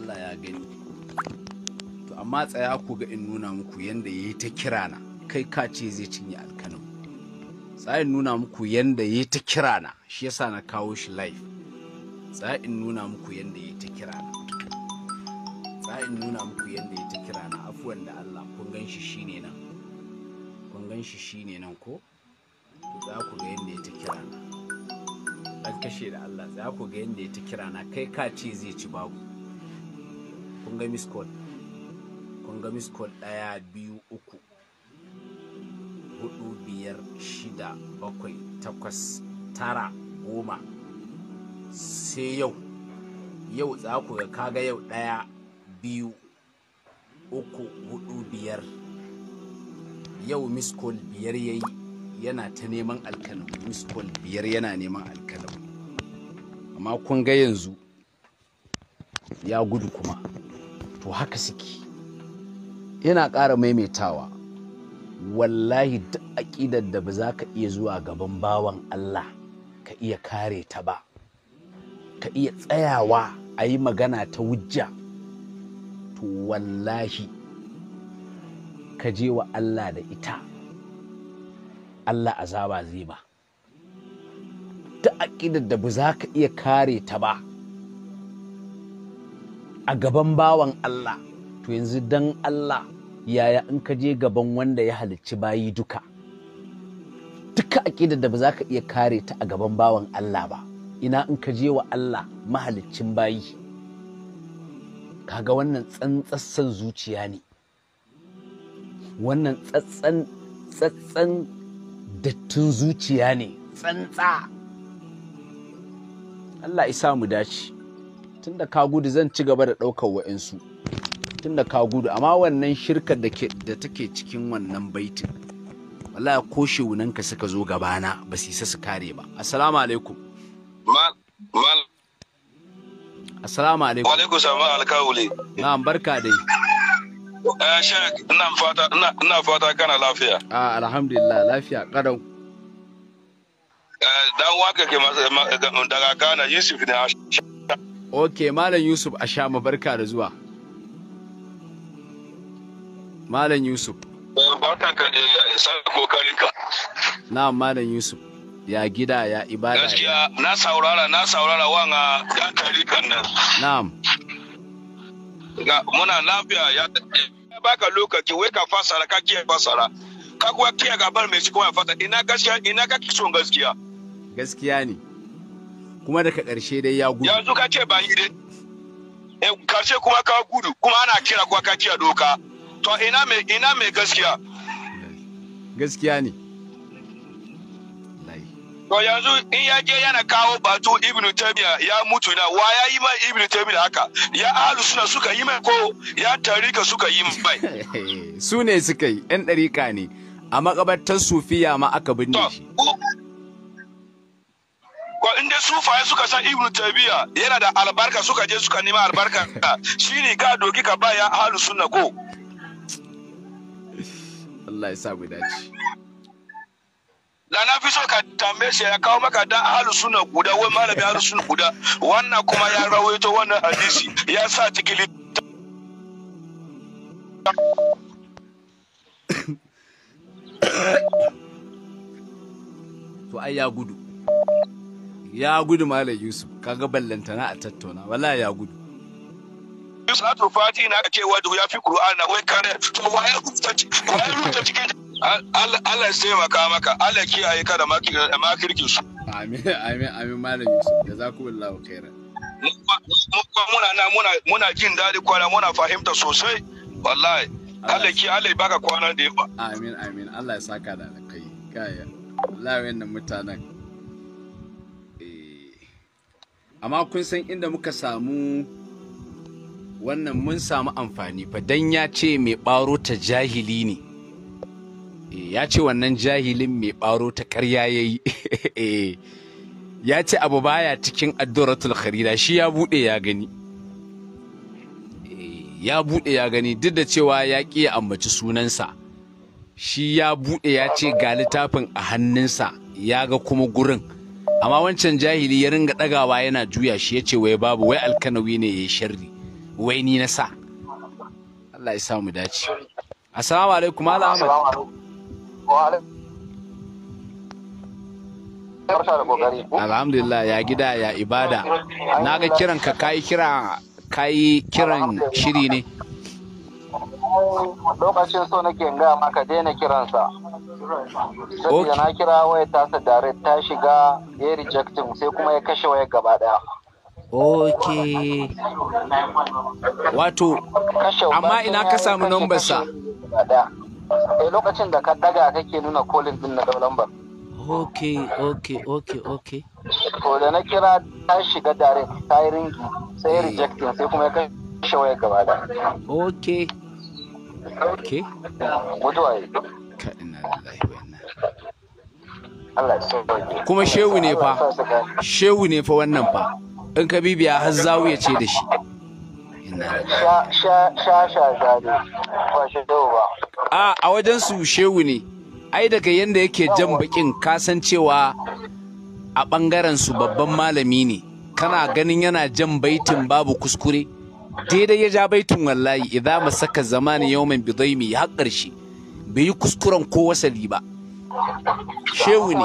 Allah ya gani to amma tsaya ku ga in nuna muku yadda ya yi ta kirana kai ka ce zai cinye alkanu tsaya in nuna muku yadda ya yi ta kirana shi yasa na kawo shi live tsaya in nuna muku yadda ya yi ta kirana tsaya in nuna muku yadda ya yi ta kirana afuwan da Allah kun gan shi shine nan kun gan shi shine nan ko za ku ga yadda ya ta kirana an kashe da Allah za ku ga yadda ya ta kira na kai ka ce zai ci babu kun ga miss call kun miss call ɗaya biyu uku hudu biyar shida bakwai takwas tara goma sai yau yau za ku ga kaga yau ɗaya biyu uku hudu biyar yau miss call biyar ya yi yana ta neman miss call biyar yana neman alkalam amma kun ga yanzu ya gudu kuma to haka suke yana ƙara maimaitawa wallahi duk aƙidar da ba za ka iya zuwa gaban bawan Allah ka iya kare ta ba ka iya tsayawa a yi magana ta wujja to wallahi ka je wa Allah da ita Allah azaba zai ba duk aƙidar da ba za ka iya kare ta ba a gaban bawan Allah to yanzu dan Allah yaya in ka je gaban wanda ya halicci bayi duka duka aƙidar da ba za ka iya kare ta a gaban bawan Allah ba ina in ka je wa Allah mahaliccin bayi kaga wannan tsantsassan zuciya ne wannan tsatsan dattin zuciya ne tsantsa Allah isa mu dace tunda ka gudu zan ci gaba da ɗaukar wa'insu tunda ka gudu amma wannan shirkar da take cikin wannan baitin wallahi ko ka suka zo gabana ba su isa su kare ba assalamu alaikum mal assalamu alaikum Wa alaikum salam alkawuli na'am barka dai eh shek ina fata ina fata kana lafiya ah alhamdulillah lafiya kadau Eh, dan waka ke daga Ghana Yusuf ne Ok, Malam Yusuf a sha barka da zuwa. Malam Yusuf. Eh, Barkan ka ne eh, isa kokarin ka. Na Malam Yusuf. Ya gida ya ibada. Gaskiya na saurara na saurara wanga ya kan nan. Na'am. muna lafiya ya baka lokaci wai ka fasara ka kiyaye fasara. Ka kuwa kiyaye gabar mai cikin wani fasara ina gaskiya ina kake son gaskiya. gaskiya ne kuma daga ƙarshe dai ya gudu yanzu ka ce ba yi dai e karshe kuma ka gudu kuma ana kira kuwa ka kiya doka to ina mai ina mai gaskiya gaskiya ne to yanzu in ya je yana kawo batu ibn tabiya ya mutu na wa ya yi mai ibn tabiya haka ya ahlu suna suka yi mai ko ya tarika suka yi mai su ne suka yi yan ɗarika ne a makabartar sufiya ma aka binne shi ko in dai sufaye suka san ibn tabiya yana da albarka suka je suka nema albarka shine ka doki ka baya ahlus sunna ko Allah ya sa mu dace da na fi so ka tambaye shi ya kawo maka dan ahlus sunna guda wai malami ahlus sunna guda wannan kuma ya rawaito wannan hadisi ya sa cikin to ai ya gudu ya gudu malam yusuf kaga ballantana a tattauna wala ya gudu salatu fati na ce wa ya fi qur'ana wai kare to waya rubuta cikin Allah ya taimaka maka Allah kiyaye ka da makirkin su amin amin amin malam yusuf jazakumullahu khairan muna na muna muna jin daɗi kwana muna fahimta sosai wallahi Allah ki Allah baka kwana da yawa amin amin Allah ya saka da alkai kaya wallahi wannan mutanen amma kun san inda muka samu wannan mun samu amfani fa dan ya ce mai ɓaro ta jahili ne eh, ya ce wannan jahilin mai ɓaro ta karya ya yi eh, ya ce abu baya cikin addoratul kharida shi ya buɗe ya gani eh, ya buɗe ya gani duk da cewa ya ƙi ya ambaci sunansa shi ya buɗe ya ce ga littafin a hannunsa ya ga kuma gurin amma wancan jahili ya ringa ɗagawa yana juya shi ya ce wai babu wai alkanawi ne ya sharri wai ni na sa Allah ya samu dace assalamu alaikum Malam ahmad alhamdulillah ya gida ya ibada na ga kiran ka kai kira kai kiran shiri ne lokacin so nake ga maka ka daina kiransa saboda na kira waya ta sa direct ta shiga ya rejecting sai kuma ya kashe waya gaba daya ok wato amma ina ka samu number sa eh lokacin da ka daga kake nuna kolin din na lambar ok ok ok ok to da na kira ta shiga direct ta yi ringi sai eh. rejecting sai kuma ya kashe waya gaba daya ok Ke? Kuma shehu ne fa, shehu ne fa wannan fa, in ka bibiya har ya ce da shi. Sha sha sha ne, ba shi ba. A a wajen su shehu ne, ai daga yanda yake jan bakin kasancewa a ɓangaren su babban malami ne, kana ganin yana jan baitin babu kuskure. daidai ya ja baitun wallahi idza masaka zamani yawmin bidaimi har karshe bai yi kuskuren ko wasali ba shehu ne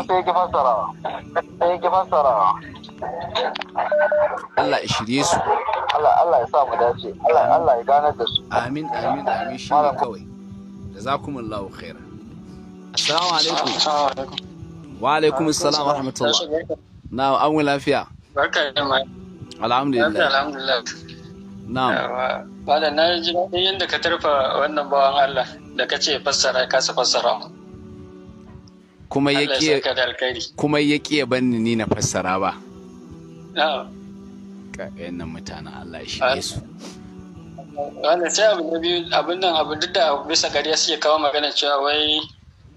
Allah ya shirye su Allah Allah ya sa mu dace Allah Allah ya ganar da su amin amin amin shi ne kawai jazakumullahu khairan assalamu alaikum wa alaikum assalam wa rahmatullah na an lafiya barka da mai alhamdulillah alhamdulillah Na'am. Bada na ji yadda ka tarfa wannan bawan Allah da ka ce fassara ka su fassara Kuma ya kiye kuma ya kiye banni ni na fassara ba. Na'am. Ka mutanen Allah shi Yesu. Wannan sai abu na biyu abin nan abu duk da bisa gari suke kawo magana cewa wai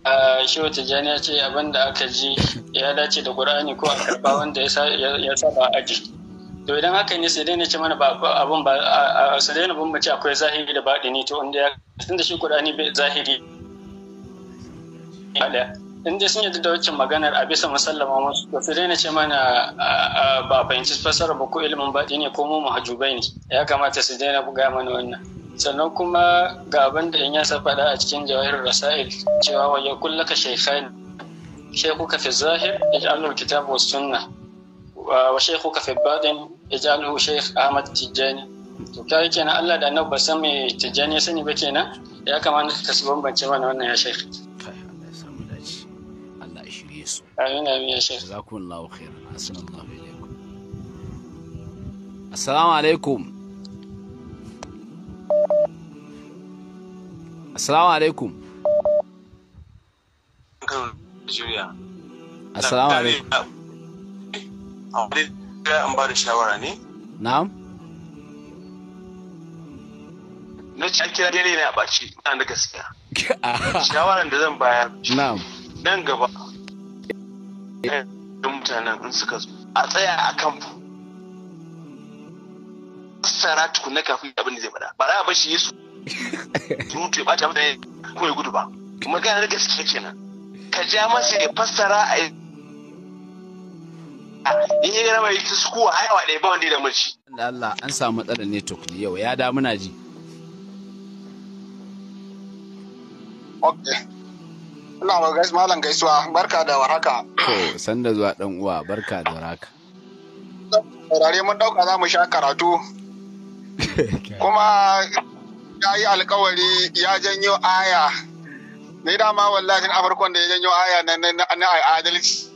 a shehu tijjani ya ce abin da aka ji ya dace da ƙur'ani ko a karɓa wanda ya saba ji. to idan haka ne sai dai ne ce mana ba abun ba sai ne na mace akwai zahiri da ne to inda ya tunda shi Qur'ani bai zahiri in dai sun yi da wacce maganar a bisa musallama musu to sai dai na ce mana ba fahimci fasara ba ko ilimin baɗi ne ko mu mahajubai ne ya kamata su daina buga mana wannan sannan kuma ga abin da in ya sa faɗa a cikin jawahirar rasail cewa wa ya kullaka shaykhani shaykhuka fi zahir yaj'alul kitabu was sunna wa shaykhuka fi baɗin ijaluhu shaykh ahmad tijjani to kai kenan Allah da annabi ba san me tijjani ya sani ba kenan ya kamata ka su bambance mana wannan ya shaykh Allah alaikum assalamu alaikum assalamu alaikum assalamu alaikum kira an ba da shawara ne? Na'am. Na ce kira daidai ne a ɓaci na da gaskiya. Shawaran da zan bayar. Na'am. Nan gaba. Da mutanen in suka zo a tsaya a kan ku. Sara na kafin abin da zai faɗa. Ba za a bar shi yesu. Turutu ya ɓata mutane ko ya gudu ba. Magana da gaskiya kenan. Ka ja masa ya fassara a yi in yi rama yi tusku a haiwa ɗaya ba wanda ya damar shi. Allah an samu matsalar network ne yau ya da muna ji. Allah ma gais malam gaisuwa barka da warhaka. To sanda zuwa ɗan uwa barka da warhaka. Saurare mun dauka za mu sha karatu. Kuma ya yi alkawari ya janyo aya. Ni dama wallahi na farkon da ya janyo aya na adalci.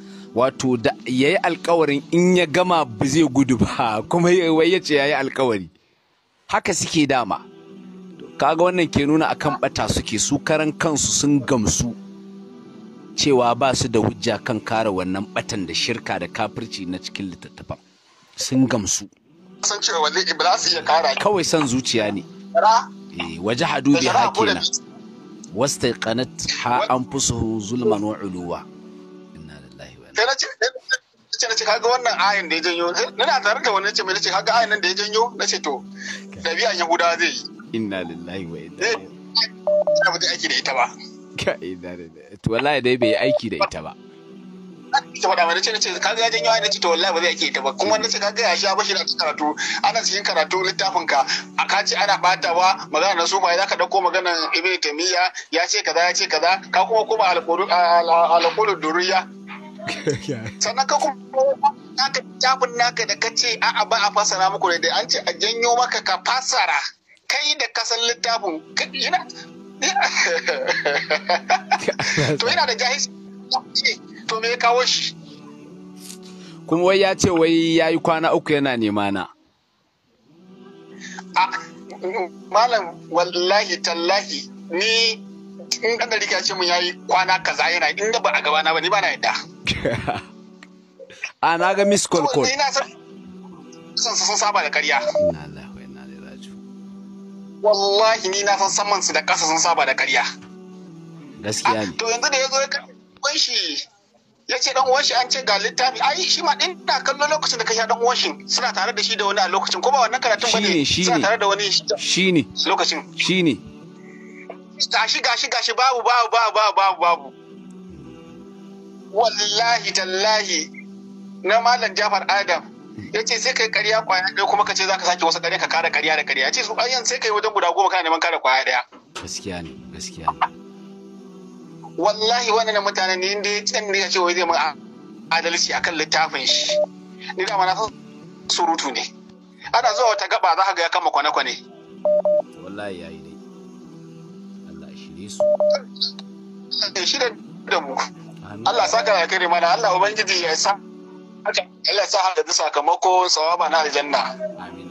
wato da ya yi alkawarin in ya gama ba zai gudu ba kuma wai ya ce ya yi alkawari haka suke dama kaga wannan ke nuna a kan bata suke su karan kansu sun gamsu cewa ba su da hujja kan kare wannan batan da shirka da kafirci na cikin littattafan sun gamsu kawai san zuciya ne waje hadu bi hakina wastaqanat ha anfusuhu zulman wa uluwa sai na ce ce na ce kaga wannan ayin da ya janyo nuna tare da wani ce mai ce kaga ayin nan da ya janyo na ce to ɗabi'an yahudawa zai yi inna lillahi wa inna ilaihi ba zai aiki da ita ba to wallahi dai bai aiki da ita ba ta faɗa mai nace nace kaga ya janyo ayin ce to wallahi ba zai aiki da ita ba kuma nace kaga ya sha bashi da karatu ana cikin karatu littafin ka a ka ce ana batawa magana na su ba za ka dauko maganan Ibn taymiya ya ce kaza ya ce kaza ka kuma kuma alqulul alqulul durriya sannan ka kuma naka jabin naka da kace a'a ba a fasara muku da an ce a janyo maka ka fasara kai da kasan littafin yana to yana da jahis to me ya kawo shi kuma wai ya ce wai ya yi kwana uku yana nema na malam wallahi tallahi ni in dan dari ya ce mun yayi kwana kaza yana in ba a gaba na ba ni ba na yadda a ah, na ga miss call call sun sun saba da ƙarya wallahi ni na san saman su da ƙasa sun saba da ƙarya gaskiya ah, ne to yanzu da yazo ya kai shi ya ce dan uwan shi an ce ga littafi ai shi ma din da kallo lokacin da ka sha dan uwan shi suna tare da shi da wani a lokacin ko ba wannan karatun bane suna tare da wani ne lokacin shine gashi gashi gashi babu babu babu babu babu babu wallahi tallahi na malam Jafar Adam ya ce sai kai karya kwaya ɗaya kuma ka ce za ka sake wasu ƙarya ka kara ƙarya da ƙarya. ya ce su ayyan sai kai wajen guda goma kana neman kara kwaya ɗaya gaskiya ne gaskiya ne wallahi wannan mutanen ne inda ya can ne ya ce wai zai mun adalci akan littafin shi ni da mana surutu ne ana zuwa wata gaba za ka ga ya kama kwane-kwane wallahi yi ne Yesu. Allah saka ya kare mana Allah ubangiji ya sa Allah sa hada sakamako sawaba na aljanna amin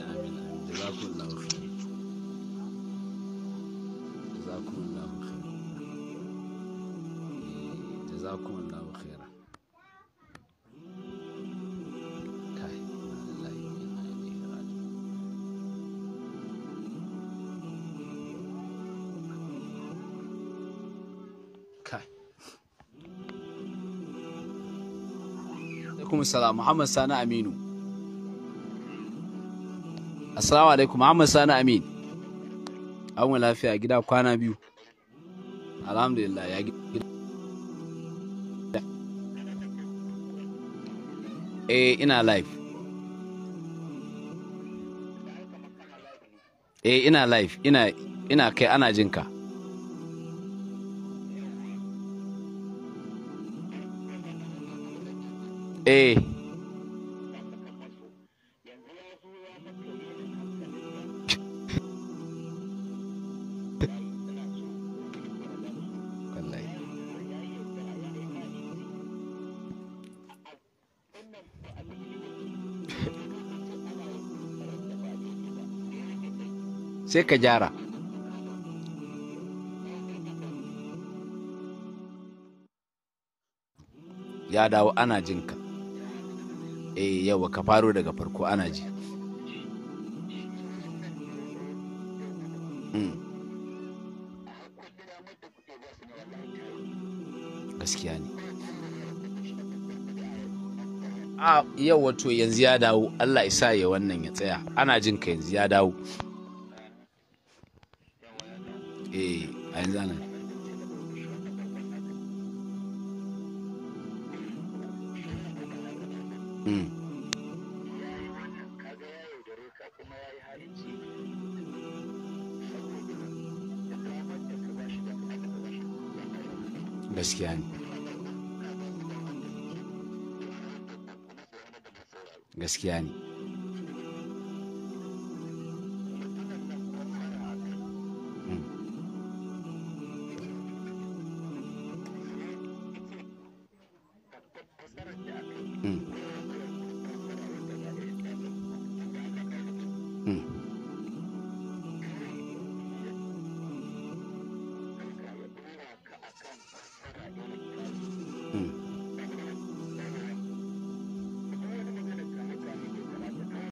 alaikum salam Muhammad Sani Aminu Assalamu alaikum Muhammad Sani Amin An lafiya gida kwana biyu Alhamdulillah ya gida Eh ina live Eh ina live ina ina kai ana jinka eh sai ka gyara ya dawo ana jinka eh yawa ka faro daga farko ana ji hmm. gaskiya ne a ah, yau wato yanzu ya dawo Allah isa ya wannan ya tsaya ana jin ka yanzu ya dawo крестьяне.